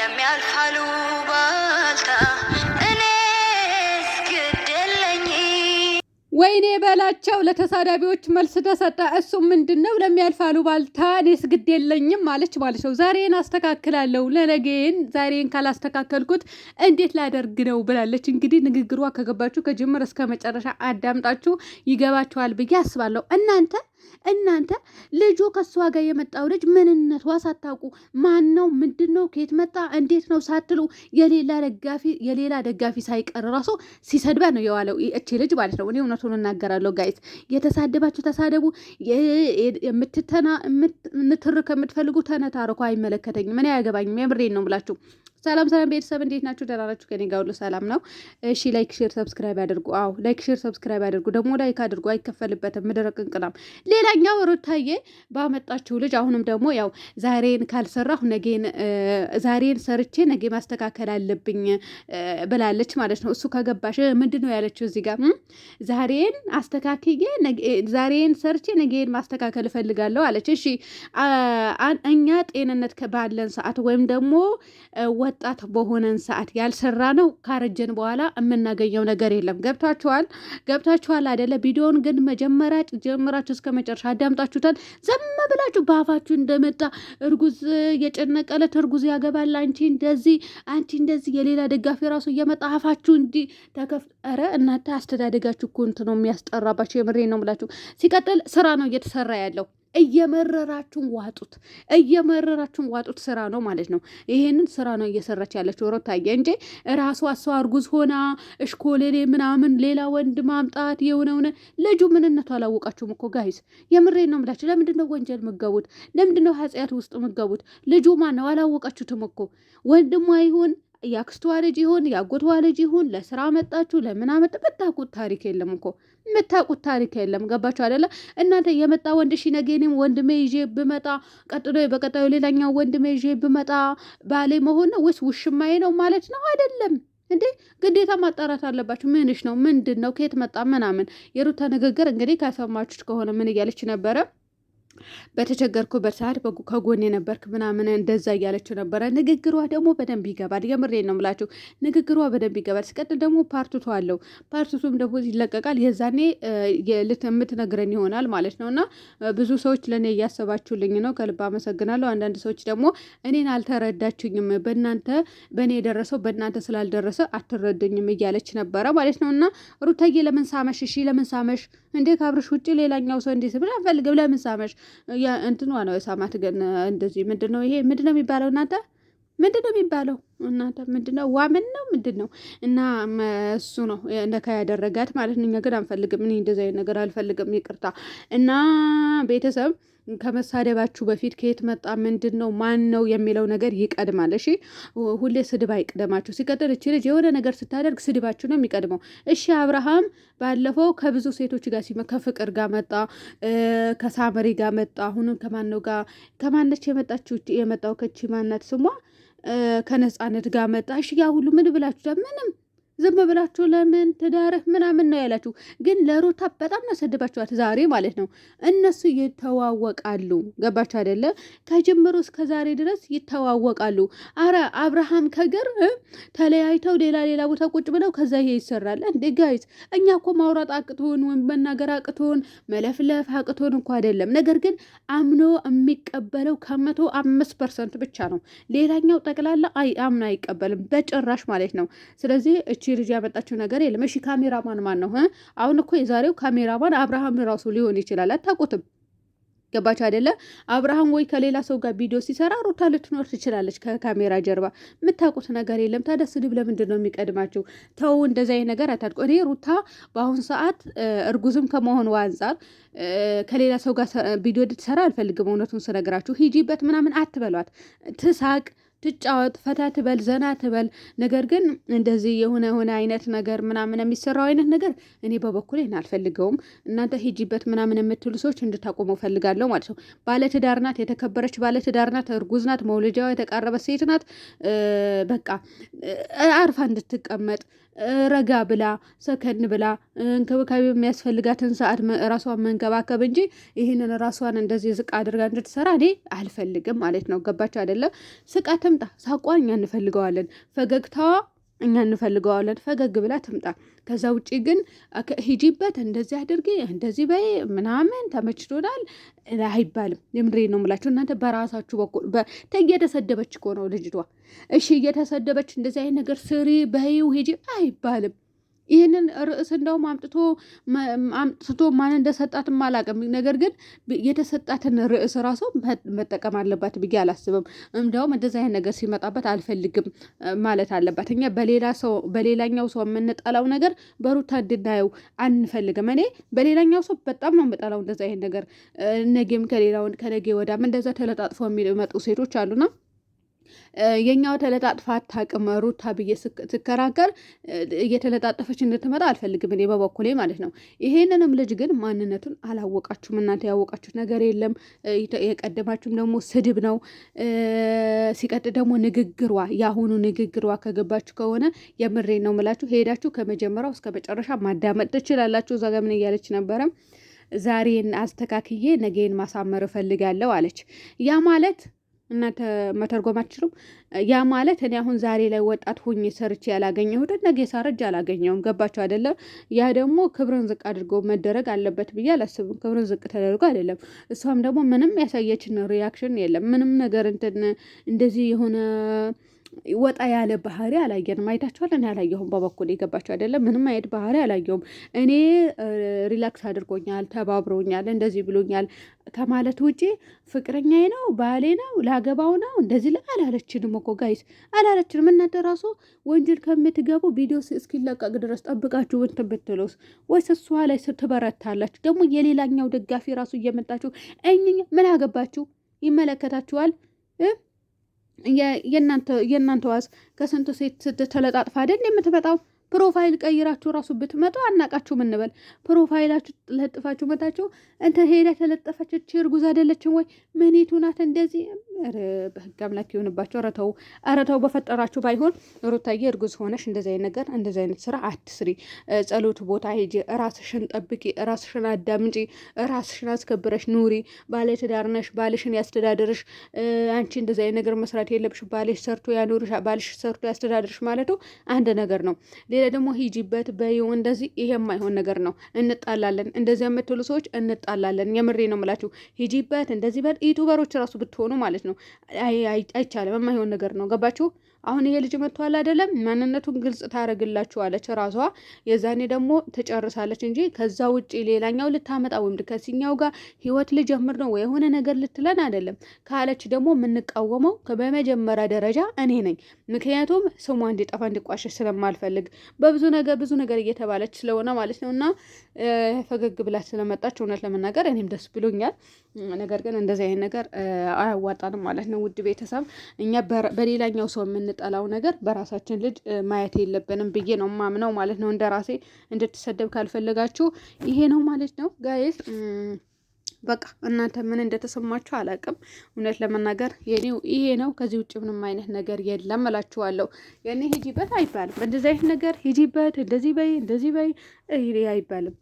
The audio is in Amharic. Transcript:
የለም ያልፋሉ ባልታ ወይኔ በላቸው ለተሳዳቢዎች መልስ ተሰጣ። እሱ ምንድን ነው ለሚያልፋሉ ባልታ እኔስ ግድ የለኝም ማለች ማለት ነው። ዛሬን አስተካክላለሁ ለነገን ዛሬን ካላስተካከልኩት እንዴት ላደርግ ነው ብላለች። እንግዲህ ንግግሯ ከገባችሁ ከጅምር እስከ መጨረሻ አዳምጣችሁ ይገባችኋል ብዬ አስባለሁ እናንተ እናንተ ልጁ ከእሷ ጋር የመጣው ልጅ ምንነቷ ሳታውቁ ማን ነው ምንድን ነው ከየት መጣ እንዴት ነው ሳትሉ የሌላ ደጋፊ የሌላ ደጋፊ ሳይቀር ራሱ ሲሰድባ ነው የዋለው እቺ ልጅ ማለት ነው። እኔ እውነቱን እናገራለሁ ጋይስ፣ የተሳደባችሁ ተሳደቡ፣ የምትተና ንትርክ የምትፈልጉ ተነታርኩ፣ አይመለከተኝም፣ እኔ አያገባኝም። የምሬን ነው ብላችሁ ሰላም ሰላም ቤተሰብ እንዴት ናችሁ? ደህና ናችሁ? ከኔ ጋር ሁሉ ሰላም ነው። እሺ ላይክ ሼር ሰብስክራይብ አድርጉ። አዎ ላይክ ሼር ሰብስክራይብ አድርጉ። ደግሞ ላይክ አድርጉ፣ አይከፈልበትም። ምድረቅ እንቅላም ሌላኛው ሩታዬ ባመጣችሁ ልጅ አሁንም ደግሞ ያው ዛሬን ካልሰራሁ ነገን ዛሬን ሰርቼ ነገ ማስተካከል አለብኝ ብላለች ማለት ነው። እሱ ከገባሽ ምንድን ነው ያለችው እዚህ ጋር ዛሬን አስተካክዬ ዛሬን ሰርቼ ነገን ማስተካከል እፈልጋለሁ አለች። እሺ እኛ ጤንነት ባለን ሰዓት ወይም ደግሞ ወጣት በሆነን ሰዓት ያልሰራ ነው ካረጀን በኋላ የምናገኘው ነገር የለም። ገብታችኋል? ገብታችኋል አደለ? ቪዲዮን ግን መጀመሪያ ጀምራችሁ እስከ መጨረሻ አዳምጣችሁታል። ዘመ ብላችሁ በአፋችሁ እንደመጣ እርጉዝ የጨነቀለት እርጉዝ ያገባል። አንቺ እንደዚህ አንቺ እንደዚህ የሌላ ደጋፊ ራሱ እየመጣ አፋችሁ እንዲ ተከፍ ረ እናንተ አስተዳደጋችሁ እኮ እንትን ነው የሚያስጠራባቸው። የምሬ ነው ብላችሁ ሲቀጥል ስራ ነው እየተሰራ ያለው እየመረራችሁን ዋጡት፣ እየመረራችሁን ዋጡት። ስራ ነው ማለት ነው። ይሄንን ስራ ነው እየሰራች ያለችው ሮታዬ እንጂ ራሷ እሷ አርጉዝ ሆና እሽኮሌሌ ምናምን ሌላ ወንድ ማምጣት የሆነውን ልጁ ምንነቱ አላወቃችሁም እኮ ጋይስ። የምሬ ነው ምላችሁ። ለምንድን ነው ወንጀል ምገቡት? ለምንድን ነው ኃጢአት ውስጥ ምገቡት? ልጁ ማን ነው? አላወቃችሁትም እኮ ወንድሟ ይሁን የአክስቷ ልጅ ይሁን የአጎቷ ልጅ ይሁን ለስራ መጣችሁ ለምን አመጣ የምታውቁት ታሪክ የለም እኮ የምታውቁት ታሪክ የለም። ገባችሁ አይደለ? እናንተ የመጣ ወንድ ሺ ነገ እኔም ወንድሜ ይዤ ብመጣ ቀጥሎ በቀጣዩ ሌላኛው ወንድሜ ይዤ ብመጣ ባሌ መሆን ነው ወይስ ውሽማዬ ነው ማለት ነው? አይደለም እንዴ ግዴታ ማጣራት አለባችሁ። ምንሽ ነው ምንድን ነው ከየት መጣ ምናምን። የሩታ ንግግር እንግዲህ ከሰማችሁት ከሆነ ምን እያለች ነበረ? በተቸገርኩበት ሰዓት ከጎን የነበርክ ምናምን እንደዛ እያለችው ነበረ። ንግግሯ ደግሞ በደንብ ይገባል። የምሬን ነው የምላችሁ። ንግግሯ በደንብ ይገባል። ሲቀጥል ደግሞ ፓርቱቱ አለው። ፓርቱቱም ደግሞ ይለቀቃል። የዛኔ የምትነግረን ይሆናል ማለት ነው። እና ብዙ ሰዎች ለእኔ እያሰባችሁልኝ ነው፣ ከልብ አመሰግናለሁ። አንዳንድ ሰዎች ደግሞ እኔን አልተረዳችሁኝም፣ በእናንተ በእኔ የደረሰው በእናንተ ስላልደረሰ አትረዱኝም እያለች ነበረ ማለት ነው። እና ሩታዬ ለምን ሳመሽ? እሺ ለምን ሳመሽ? እንዴ ካብርሽ ውጭ ሌላኛው ሰው እንዴት ብለ ፈልግም ለምን ሳመሽ እንትኗ ነው የሳማት ግን እንደዚህ ምንድን ነው ይሄ ምንድን ነው የሚባለው እናንተ ምንድን ነው የሚባለው እናንተ ምንድን ነው ዋምን ነው ምንድን ነው እና እሱ ነው እንደካ ያደረጋት ማለት ነው እኛ ግን አንፈልግም እኔ እንደዚህ አይነት ነገር አልፈልግም ይቅርታ እና ቤተሰብ ከመሳደባችሁ በፊት ከየት መጣ ምንድን ነው ማን ነው የሚለው ነገር ይቀድማል። እሺ ሁሌ ስድብ አይቅደማችሁ። ሲቀጥል እች ልጅ የሆነ ነገር ስታደርግ ስድባችሁ ነው የሚቀድመው። እሺ አብርሃም ባለፈው ከብዙ ሴቶች ጋር ሲመ ከፍቅር ጋር መጣ፣ ከሳመሪ ጋር መጣ። አሁንም ነው ጋር ከማነች የመጣችሁ የመጣው ከቺ ማናት ስሟ ከነጻነት ጋር መጣ። እሺ ያ ሁሉ ምን ብላችሁ ምንም ዝም ብላችሁ ለምን ትዳርህ ምናምን ነው ያላችሁ፣ ግን ለሩታ በጣም ናሰድባችኋት ዛሬ ማለት ነው። እነሱ ይተዋወቃሉ፣ ገባችሁ አይደለ? ከጅምሩ እስከ ዛሬ ድረስ ይተዋወቃሉ። አረ አብርሃም ከግር ተለያይተው ሌላ ሌላ ቦታ ቁጭ ብለው ከዛ ይሄ ይሰራል እንዴ? ጋይዝ እኛ እኮ ማውራት አቅቶን ወይም መናገር አቅቶን መለፍለፍ አቅቶን እኮ አይደለም። ነገር ግን አምኖ የሚቀበለው ከመቶ አምስት ፐርሰንት ብቻ ነው። ሌላኛው ጠቅላላ አምኖ አይቀበልም በጭራሽ ማለት ነው። ስለዚህ እቺ ልጅ ያመጣችው ነገር የለም። እሺ ካሜራማን ማን ነው? አሁን እኮ የዛሬው ካሜራማን አብርሃም ራሱ ሊሆን ይችላል። አታውቁትም ገባች አይደለ? አብርሃም ወይ ከሌላ ሰው ጋር ቪዲዮ ሲሰራ ሩታ ልትኖር ትችላለች ከካሜራ ጀርባ። የምታውቁት ነገር የለም። ታዲያ ስድብ ለምንድን ነው የሚቀድማችሁ? ተው፣ እንደዚ ነገር አታድቆ። እኔ ሩታ በአሁኑ ሰዓት እርጉዝም ከመሆኑ አንጻር ከሌላ ሰው ጋር ቪዲዮ እንድትሰራ አልፈልግም። እውነቱን ስነግራችሁ ሂጂበት ምናምን አትበሏት። ትሳቅ ትጫወት ፈታ ትበል ዘና ትበል። ነገር ግን እንደዚህ የሆነ የሆነ አይነት ነገር ምናምን የሚሰራው አይነት ነገር እኔ በበኩሌን አልፈልገውም። እናንተ ሂጂበት ምናምን የምትሉ ሰዎች እንድታቆመው ፈልጋለሁ ማለት ነው። ባለትዳር ናት፣ የተከበረች ባለትዳር ናት፣ እርጉዝ ናት፣ መውለጃዋ የተቃረበ ሴት ናት። በቃ አርፋ እንድትቀመጥ ረጋ ብላ ሰከን ብላ እንክብካቤ የሚያስፈልጋትን ሰዓት ራሷን መንከባከብ እንጂ ይህንን ራሷን እንደዚህ ዝቅ አድርጋ እንድትሰራ እኔ አልፈልግም ማለት ነው። ገባቸው አይደለም? ስቃ ትምጣ፣ ሳቋን እኛ እንፈልገዋለን። ፈገግታዋ እኛ እንፈልገዋለን። ፈገግ ብላ ትምጣ። ከዛ ውጪ ግን ሂጂበት፣ እንደዚህ አድርጊ፣ እንደዚህ በይ ምናምን ተመችቶናል አይባልም። የምድሬ ነው የምላቸው እናንተ በራሳችሁ በኩል እየተሰደበች እኮ ነው ልጅቷ። እሺ እየተሰደበች እንደዚህ አይነት ነገር ስሪ በይው ሂጂ አይባልም። ይህንን ርዕስ እንደውም አምጥቶ አምጥቶ ማን እንደሰጣትም አላውቅም። ነገር ግን የተሰጣትን ርዕስ ራሱ መጠቀም አለባት ብዬ አላስብም። እንደውም እንደዚ አይነት ነገር ሲመጣበት አልፈልግም ማለት አለባት። እኛ በሌላ ሰው በሌላኛው ሰው የምንጠላው ነገር በሩታ እንድናየው አንፈልግም። እኔ በሌላኛው ሰው በጣም ነው የምጠላው እንደዚ አይነት ነገር። ነጌም ከሌላ ከነጌ ወዳም እንደዛ ተለጣጥፎ የሚመጡ ሴቶች አሉና የኛው ተለጣጥፋ አታውቅም ሩታ ብዬ ስከራከር እየተለጣጠፈች እንድትመጣ አልፈልግም እኔ በበኩሌ ማለት ነው። ይሄንንም ልጅ ግን ማንነቱን አላወቃችሁም እናንተ ያወቃችሁት ነገር የለም። የቀደማችሁም ደግሞ ስድብ ነው። ሲቀጥ ደግሞ ንግግሯ የአሁኑ ንግግሯ ከገባችሁ ከሆነ የምሬ ነው ምላችሁ ሄዳችሁ ከመጀመሪያው እስከ መጨረሻ ማዳመጥ ትችላላችሁ። እዛ ጋ ምን እያለች ነበረም? ዛሬን አስተካክዬ ነገን ማሳመር እፈልጋለሁ አለች። ያ ማለት እናንተ መተርጎም አትችሉም። ያ ማለት እኔ አሁን ዛሬ ላይ ወጣት ሆኜ ሰርቼ ያላገኘሁትን ነገ ሳረጅ አላገኘውም። ገባቸው አይደለም? ያ ደግሞ ክብርን ዝቅ አድርጎ መደረግ አለበት ብዬ አላስብም። ክብርን ዝቅ ተደርጎ አይደለም። እሷም ደግሞ ምንም ያሳየችን ሪያክሽን የለም። ምንም ነገር እንትን እንደዚህ የሆነ ወጣ ያለ ባህሪ አላየንም። አይታችኋል። እኔ አላየሁም፣ በበኩል የገባችሁ አይደለም። ምንም አይነት ባህሪ አላየሁም። እኔ ሪላክስ አድርጎኛል፣ ተባብሮኛል፣ እንደዚህ ብሎኛል ከማለት ውጪ ፍቅረኛዬ ነው፣ ባሌ ነው፣ ላገባው ነው እንደዚህ አላለችንም እኮ ጋይስ፣ አላለችንም። እናንተ ራሱ ወንጀል ከምትገቡ ቪዲዮ እስኪለቀቅ ድረስ ጠብቃችሁ እንትን ብትሉስ? ወይስ እሷ ላይ ትበረታላችሁ? ደግሞ የሌላኛው ደጋፊ ራሱ እየመጣችሁ እኝ ምን አገባችሁ? ይመለከታችኋል። የእናንተ ዋስ ከስንቱ ሴት ስድ ተለጣጥፋ አይደል የምትመጣው? ፕሮፋይል ቀይራችሁ ራሱ ብትመጡ አናቃችሁ ምንበል ፕሮፋይላችሁ ለጥፋችሁ መታችሁ እንተ ሄዳ ተለጠፈች እርጉዝ አይደለችም ወይ ምኔቱ ናት እንደዚህ። በህግ አምላክ ይሆንባቸው። ረተው ረተው በፈጠራችሁ ባይሆን ሩታዬ እርጉዝ ሆነሽ እንደዚህ አይነት ነገር እንደዚህ አይነት ስራ አትስሪ። ጸሎት ቦታ ሂጂ፣ ራስሽን ጠብቂ፣ ራስሽን አዳምጪ፣ ራስሽን አስከብረሽ ኑሪ። ባለ ትዳር ነሽ፣ ባልሽን ያስተዳድርሽ። አንቺ እንደዚህ አይነት ነገር መስራት የለብሽ። ባልሽ ሰርቶ ያኑርሽ ባልሽ ሰርቶ ያስተዳድርሽ ማለቱ አንድ ነገር ነው። ሌላ ደግሞ ሂጂበት በይው። እንደዚህ ይሄ የማይሆን ነገር ነው። እንጣላለን፣ እንደዚህ የምትሉ ሰዎች እንጣላለን። የምሬ ነው የምላችሁ። ሂጂበት እንደዚህ በል። ዩቱበሮች ራሱ ብትሆኑ ማለት ነው አይቻልም። የማይሆን ነገር ነው። ገባችሁ? አሁን ይሄ ልጅ መጥቷል አይደለም ማንነቱን ግልጽ ታደርግላችኋለች ራሷ። የዛኔ ደግሞ ትጨርሳለች እንጂ ከዛ ውጭ ሌላኛው ልታመጣ ወይም ከሲኛው ጋር ህይወት ልጀምር ነው ወይ የሆነ ነገር ልትለን አይደለም። ካለች ደግሞ የምንቃወመው በመጀመሪያ ደረጃ እኔ ነኝ። ምክንያቱም ስሟ እንዲጠፋ እንዲቋሸሽ ስለማልፈልግ በብዙ ነገር ብዙ ነገር እየተባለች ስለሆነ ማለት ነው። እና ፈገግ ብላ ስለመጣች እውነት ለመናገር እኔም ደስ ብሎኛል። ነገር ግን እንደዚህ አይነት ነገር አያዋጣንም ማለት ነው። ውድ ቤተሰብ እኛ በሌላኛው ሰው የምን የምንጠላው ነገር በራሳችን ልጅ ማየት የለብንም ብዬ ነው ማምነው ማለት ነው። እንደ ራሴ እንድትሰደብ ካልፈለጋችሁ ይሄ ነው ማለት ነው ጋይስ። በቃ እናንተ ምን እንደተሰማችሁ አላቅም እውነት ለመናገር የኔው ይሄ ነው። ከዚህ ውጭ ምንም አይነት ነገር የለም እላችኋለሁ። የኔ ሂጂበት አይባልም። እንደዚህ አይነት ነገር ሂጂበት፣ እንደዚህ በይ፣ እንደዚህ በይ አይባልም።